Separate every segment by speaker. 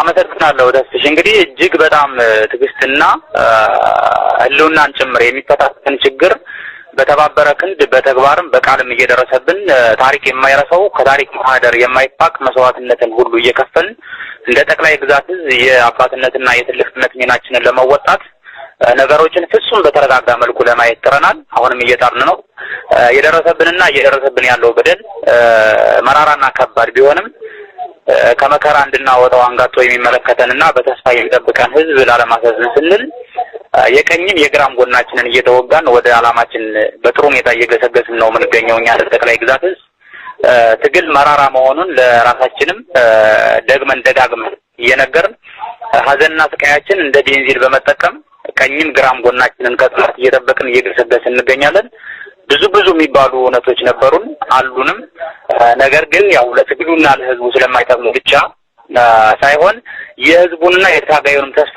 Speaker 1: አመሰግናለሁ ደስሽ። እንግዲህ እጅግ በጣም ትዕግስትና ህልውናን ጭምር የሚፈታተን ችግር በተባበረ ክንድ በተግባርም በቃልም እየደረሰብን ታሪክ የማይረሳው ከታሪክ ማህደር የማይፋቅ መስዋዕትነትን ሁሉ እየከፈልን እንደ ጠቅላይ ግዛት እዝ የአባትነትና የትልቅነት ሚናችንን ለመወጣት ነገሮችን ፍጹም በተረጋጋ መልኩ ለማየት ጥረናል። አሁንም እየጣርን ነው። የደረሰብንና እየደረሰብን ያለው በደል መራራና ከባድ ቢሆንም ከመከራ እንድናወጣው አንጋቶ የሚመለከተንና በተስፋ የሚጠብቀን ህዝብ ላለማሳዝን ስንል የቀኝም የግራም ጎናችንን እየተወጋን ወደ አላማችን በጥሩ ሁኔታ እየገሰገስን ነው የምንገኘው። እኛ ጠቅላይ ግዛት ህዝብ ትግል መራራ መሆኑን ለራሳችንም ደግመን ደጋግመን እየነገርን ሀዘንና ስቃያችን እንደ ቤንዚን በመጠቀም ቀኝም ግራም ጎናችንን ከጥላት እየጠበቅን እየገሰገስን እንገኛለን። ብዙ ብዙ የሚባሉ እውነቶች ነበሩን አሉንም። ነገር ግን ያው ለትግሉና ለህዝቡ ስለማይጠቅሙ ብቻ ሳይሆን የህዝቡንና የታጋዩንም ተስፋ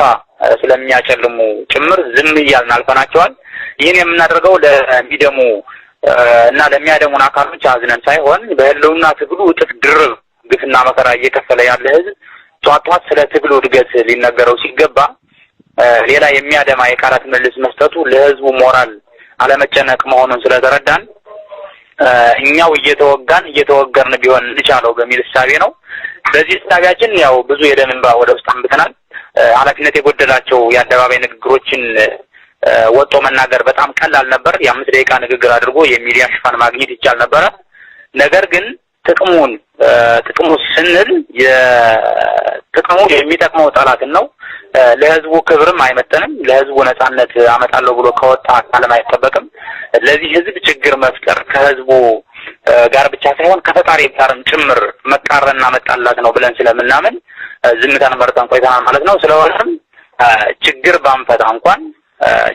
Speaker 1: ስለሚያጨልሙ ጭምር ዝም እያልን አልፈናቸዋል። ይህን የምናደርገው ለሚደሙ እና ለሚያደሙን አካሎች አዝነን ሳይሆን በህልውና ትግሉ እጥፍ ድርብ ግፍና መከራ እየከፈለ ያለ ህዝብ ጧት ጧት ስለ ትግሉ እድገት ሊነገረው ሲገባ ሌላ የሚያደማ የቃላት መልስ መስጠቱ ለህዝቡ ሞራል አለመጨነቅ መሆኑን ስለተረዳን እኛው እየተወጋን እየተወገርን ቢሆን እንቻለው በሚል እሳቤ ነው። በዚህ እሳቤያችን ያው ብዙ የደም እንባ ወደ ውስጥ አንብተናል። ኃላፊነት የጎደላቸው የአደባባይ ንግግሮችን ወጦ መናገር በጣም ቀላል ነበር። የአምስት ደቂቃ ንግግር አድርጎ የሚዲያ ሽፋን ማግኘት ይቻል ነበረ። ነገር ግን ጥቅሙን ጥቅሙ ስንል ጥቅሙ የሚጠቅመው ጠላትን ነው። ለህዝቡ ክብርም አይመጠንም። ለህዝቡ ነጻነት አመጣለሁ ብሎ ከወጣ አካልም አይጠበቅም። ለዚህ ህዝብ ችግር መፍጠር ከህዝቡ ጋር ብቻ ሳይሆን ከፈጣሪ ጋርም ጭምር መቃረና መጣላት ነው ብለን ስለምናምን ዝምታን መርጠን ቆይተናል ማለት ነው። ስለሆነም ችግር ባንፈታ እንኳን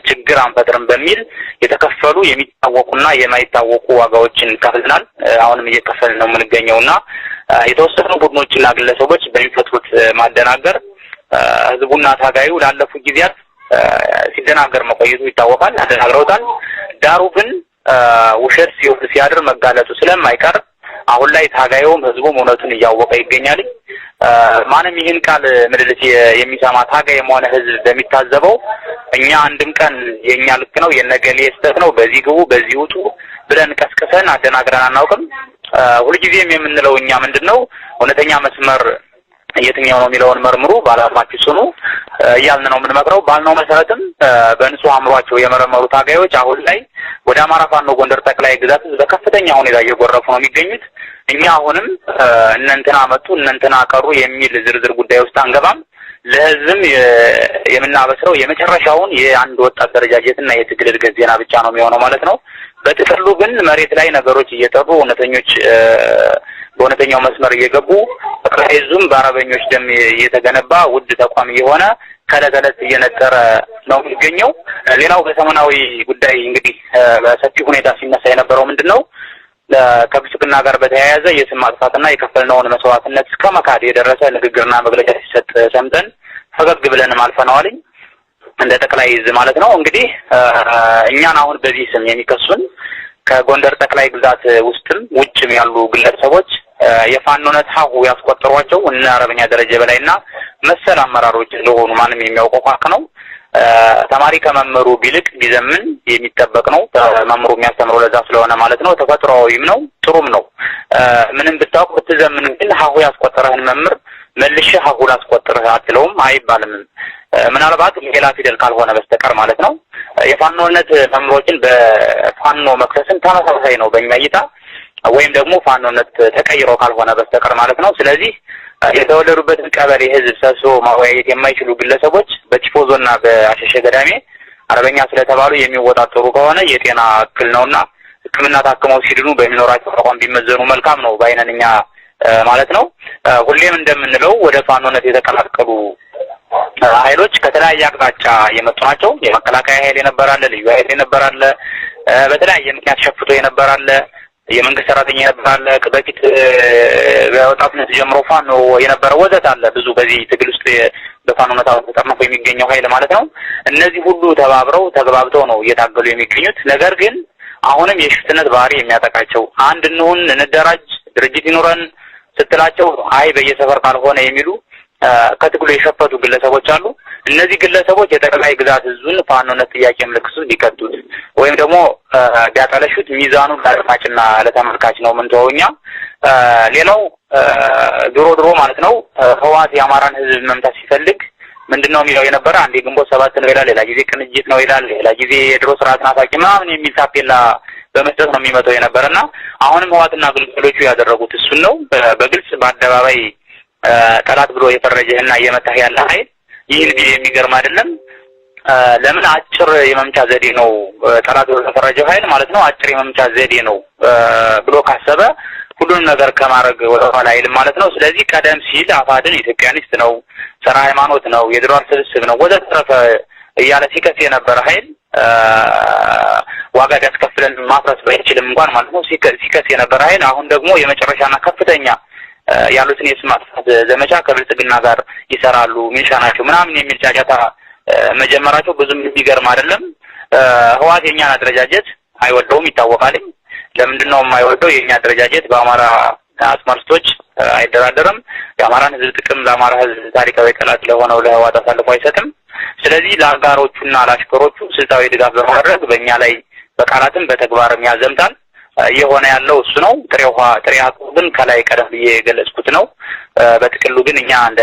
Speaker 1: ችግር አንፈጥርም በሚል የተከፈሉ የሚታወቁና የማይታወቁ ዋጋዎችን ከፍልናል። አሁንም እየከፈልን ነው የምንገኘውና የተወሰኑ ቡድኖችና ግለሰቦች በሚፈጥሩት ማደናገር ህዝቡና ታጋዩ ላለፉት ጊዜያት ሲደናገር መቆየቱ ይታወቃል። አደናግረውታል። ዳሩ ግን ውሸት ሲያድር መጋለጡ ስለማይቀር አሁን ላይ ታጋዩም ህዝቡም እውነቱን እያወቀ ይገኛል። ማንም ይህን ቃል ምልልት የሚሰማ ታጋይም ሆነ ህዝብ በሚታዘበው እኛ አንድም ቀን የእኛ ልክ ነው የነገሌ ስህተት ነው በዚህ ግቡ በዚህ ውጡ ብለን ቀስቅሰን አደናግረን አናውቅም። ሁልጊዜም የምንለው እኛ ምንድን ነው እውነተኛ መስመር የትኛው ነው የሚለውን መርምሩ፣ ባለአቅማችሁ ጽኑ እያልን ነው የምንመክረው። ባልነው መሰረትም በንጹህ አእምሯቸው የመረመሩ ታጋዮች አሁን ላይ ወደ አማራ ፋኖ ጎንደር ጠቅላይ ግዛት በከፍተኛ ሁኔታ እየጎረፉ ነው የሚገኙት። እኛ አሁንም እነንትና መጡ እነንትና ቀሩ የሚል ዝርዝር ጉዳይ ውስጥ አንገባም። ለህዝብም የምናበስረው የመጨረሻውን የአንድ ወጥ አደረጃጀትና የትግል እድገት ዜና ብቻ ነው የሚሆነው ማለት ነው። በጥቅሉ ግን መሬት ላይ ነገሮች እየጠሩ እውነተኞች በእውነተኛው መስመር እየገቡ በሂዙም በአረበኞች ደም የተገነባ ውድ ተቋም የሆነ ከዕለት ዕለት እየነጠረ ነው የሚገኘው። ሌላው በሰሞናዊ ጉዳይ እንግዲህ በሰፊ ሁኔታ ሲነሳ የነበረው ምንድን ነው ከብልጽግና ጋር በተያያዘ የስም ማጥፋትና የከፈልነውን መስዋዕትነት እስከ መካድ የደረሰ ንግግርና መግለጫ ሲሰጥ ሰምተን ፈገግ ብለንም አልፈነዋልኝ። እንደ ጠቅላይ ዕዝ ማለት ነው እንግዲህ እኛን አሁን በዚህ ስም የሚከሱን ከጎንደር ጠቅላይ ግዛት ውስጥም ውጭም ያሉ ግለሰቦች የፋኖነት ሀሁ ያስቆጠሯቸው እነ አርበኛ ደረጀ በላይና መሰል አመራሮች እንደሆኑ ማንም የሚያውቀው ኳክ ነው። ተማሪ ከመምህሩ ቢልቅ ቢዘምን የሚጠበቅ ነው። መምህሩ የሚያስተምረው ለዛ ስለሆነ ማለት ነው። ተፈጥሯዊም ነው፣ ጥሩም ነው። ምንም ብታውቅ ብትዘምን ግን ሀሁ ያስቆጠረህን መምህር መልሼ ሀሁ ላስቆጥርህ አትለውም አይባልምም። ምናልባት ሌላ ፊደል ካልሆነ በስተቀር ማለት ነው። የፋኖነት መምሮችን በፋኖ መክሰስን ተመሳሳይ ነው በእኛ እይታ ወይም ደግሞ ፋኖነት ተቀይሮ ካልሆነ በስተቀር ማለት ነው። ስለዚህ የተወለዱበትን ቀበሌ ህዝብ ሰብስቦ ማወያየት የማይችሉ ግለሰቦች በቲፎዞና በአሸሸ ገዳሜ አርበኛ ስለተባሉ የሚወጣጠሩ ከሆነ የጤና እክል ነውና ሕክምና ታክመው ሲድኑ በሚኖራቸው አቋም ቢመዘኑ መልካም ነው ባይነን እኛ ማለት ነው። ሁሌም እንደምንለው ወደ ፋኖነት የተቀላቀሉ ኃይሎች ከተለያየ አቅጣጫ የመጡ ናቸው። የመከላከያ ኃይል የነበራለ፣ ልዩ ኃይል የነበራለ፣ በተለያየ ምክንያት ሸፍቶ የነበራለ፣ የመንግስት ሰራተኛ የነበራለ፣ በፊት በወጣትነት ጀምሮ ፋኖ የነበረ ወዘት አለ። ብዙ በዚህ ትግል ውስጥ ነታ ተጠርንፎ የሚገኘው ኃይል ማለት ነው። እነዚህ ሁሉ ተባብረው ተግባብተው ነው እየታገሉ የሚገኙት። ነገር ግን አሁንም የሽፍትነት ባህሪ የሚያጠቃቸው አንድ እንሁን፣ እንደራጅ፣ ድርጅት ይኑረን ስትላቸው አይ በየሰፈር ካልሆነ የሚሉ ከትግሉ የሸፈቱ ግለሰቦች አሉ። እነዚህ ግለሰቦች የጠቅላይ ግዛት እዙን ፋኖነት ጥያቄ ምልክቱ ቢከቱት ወይም ደግሞ ቢያጠለሹት ሚዛኑ ለአድማጭና ለተመልካች ነው የምንተወው ሌላው ድሮ ድሮ ማለት ነው ህወሓት የአማራን ህዝብ መምታት ሲፈልግ ምንድን ነው የሚለው የነበረ አንዴ ግንቦት ሰባት ነው ይላል፣ ሌላ ጊዜ ቅንጅት ነው ይላል፣ ሌላ ጊዜ የድሮ ስርዓት ናፋቂ ምናምን የሚል ታፔላ በመስጠት ነው የሚመጣው የነበረ እና አሁንም ህወሓትና ግልገሎቹ ያደረጉት እሱን ነው በግልጽ በአደባባይ ጠላት ብሎ የፈረጀህና እየመታህ ያለ ኃይል ይህን ጊዜ የሚገርም አይደለም። ለምን አጭር የመምቻ ዘዴ ነው። ጠላት ብሎ የፈረጀው ኃይል ማለት ነው አጭር የመምቻ ዘዴ ነው ብሎ ካሰበ ሁሉንም ነገር ከማድረግ ወደኋላ አይልም ማለት ነው። ስለዚህ ቀደም ሲል አፋድን ኢትዮጵያኒስት ነው፣ ስራ ሃይማኖት ነው፣ የድሯር ስብስብ ነው ወዘተረፈ እያለ ሲከስ የነበረ ኃይል ዋጋ ሊያስከፍለን ማፍረስ ባይችልም እንኳን ማለት ነው ሲከስ የነበረ ኃይል አሁን ደግሞ የመጨረሻና ከፍተኛ ያሉትን የስም ማጥፋት ዘመቻ ከብልጽግና ጋር ይሰራሉ፣ ሚሊሻ ናቸው ምናምን የሚል ጫጫታ መጀመራቸው ብዙም የሚገርም አይደለም። ህዋት የእኛን አደረጃጀት አይወደውም ይታወቃልኝ። ለምንድን ነው የማይወደው? የእኛ አደረጃጀት በአማራ አስመርቶች አይደራደርም። የአማራን ህዝብ ጥቅም ለአማራ ህዝብ ታሪካዊ ጠላት ለሆነው ለህዋት አሳልፎ አይሰጥም። ስለዚህ ለአጋሮቹና ለአሽከሮቹ ስልታዊ ድጋፍ በማድረግ በእኛ ላይ በቃላትም በተግባርም ያዘምታል። እየሆነ ያለው እሱ ነው። ጥሬ ውሃ ጥሬ ግን ከላይ ቀደም ብዬ የገለጽኩት ነው። በጥቅሉ ግን እኛ እንደ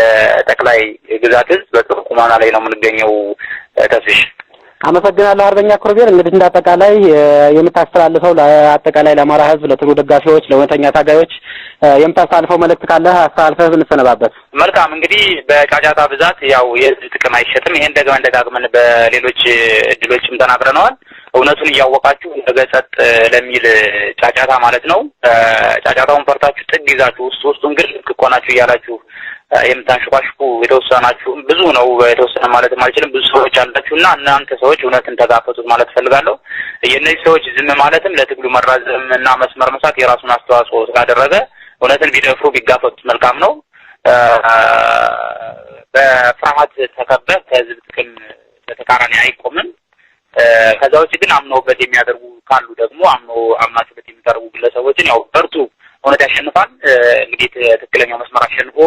Speaker 1: ጠቅላይ ግዛት ህዝብ በጥሩ ቁመና ላይ ነው የምንገኘው። ተስሽ
Speaker 2: አመሰግናለሁ። አርበኛ ኮርቤር እንግዲህ እንደ አጠቃላይ የምታስተላልፈው አጠቃላይ ለአማራ ህዝብ ለትግሉ ደጋፊዎች፣ ለእውነተኛ ታጋዮች የምታስተላልፈው መልእክት ካለ አስተላልፈህ ብንሰነባበት
Speaker 1: መልካም። እንግዲህ በጫጫታ ብዛት ያው የህዝብ ጥቅም አይሸጥም። ይሄን ደግመን ደጋግመን በሌሎች እድሎችም ተናግረነዋል። እውነቱን እያወቃችሁ እንደገሰጥ ለሚል ጫጫታ ማለት ነው። ጫጫታውን ፈርታችሁ ጥግ ይዛችሁ ውስጥ ውስጡን ግን ልክ ናችሁ እያላችሁ የምታንሽቋሽቁ የተወሰናችሁ ብዙ ነው። የተወሰነ ማለት አልችልም ብዙ ሰዎች አላችሁ እና እናንተ ሰዎች እውነትን ተጋፈጡት ማለት ፈልጋለሁ። የእነዚህ ሰዎች ዝም ማለትም ለትግሉ መራዘም እና መስመር መሳት የራሱን አስተዋጽኦ ስላደረገ እውነትን ቢደፍሩ ቢጋፈጡት መልካም ነው። በፍርሃት ተከበህ ከህዝብ ጥቅም በተቃራኒ አይቆምም። ከዛ ውጭ ግን አምነውበት የሚያደርጉ ካሉ ደግሞ አምኖ አምናችሁበት የሚቀርቡ ግለሰቦችን ያው በርቱ፣ እውነት ያሸንፋል። እንግዲህ ትክክለኛው መስመር አሸንፎ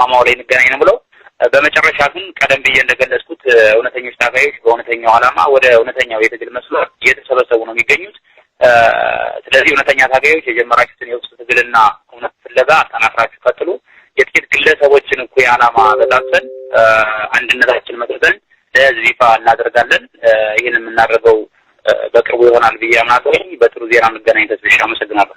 Speaker 1: ማማው ላይ እንገናኝ ነው ብለው በመጨረሻ ግን ቀደም ብዬ እንደገለጽኩት እውነተኞች ታጋዮች በእውነተኛው ዓላማ ወደ እውነተኛው የትግል መስመር እየተሰበሰቡ ነው የሚገኙት። ስለዚህ እውነተኛ ታጋዮች የጀመራችሁትን የውስጥ ትግልና እውነት ፍለጋ አጠናክራችሁ ቀጥሉ። የጥቂት ግለሰቦችን እኩይ ዓላማ በታተን አንድነታችን መጥተን ለህዝብ ይፋ እናደርጋለን። ይህን የምናደርገው በቅርቡ ይሆናል ብዬ አምናለሁ። በጥሩ ዜና እንገናኝ። ተስብሻ አመሰግናለሁ።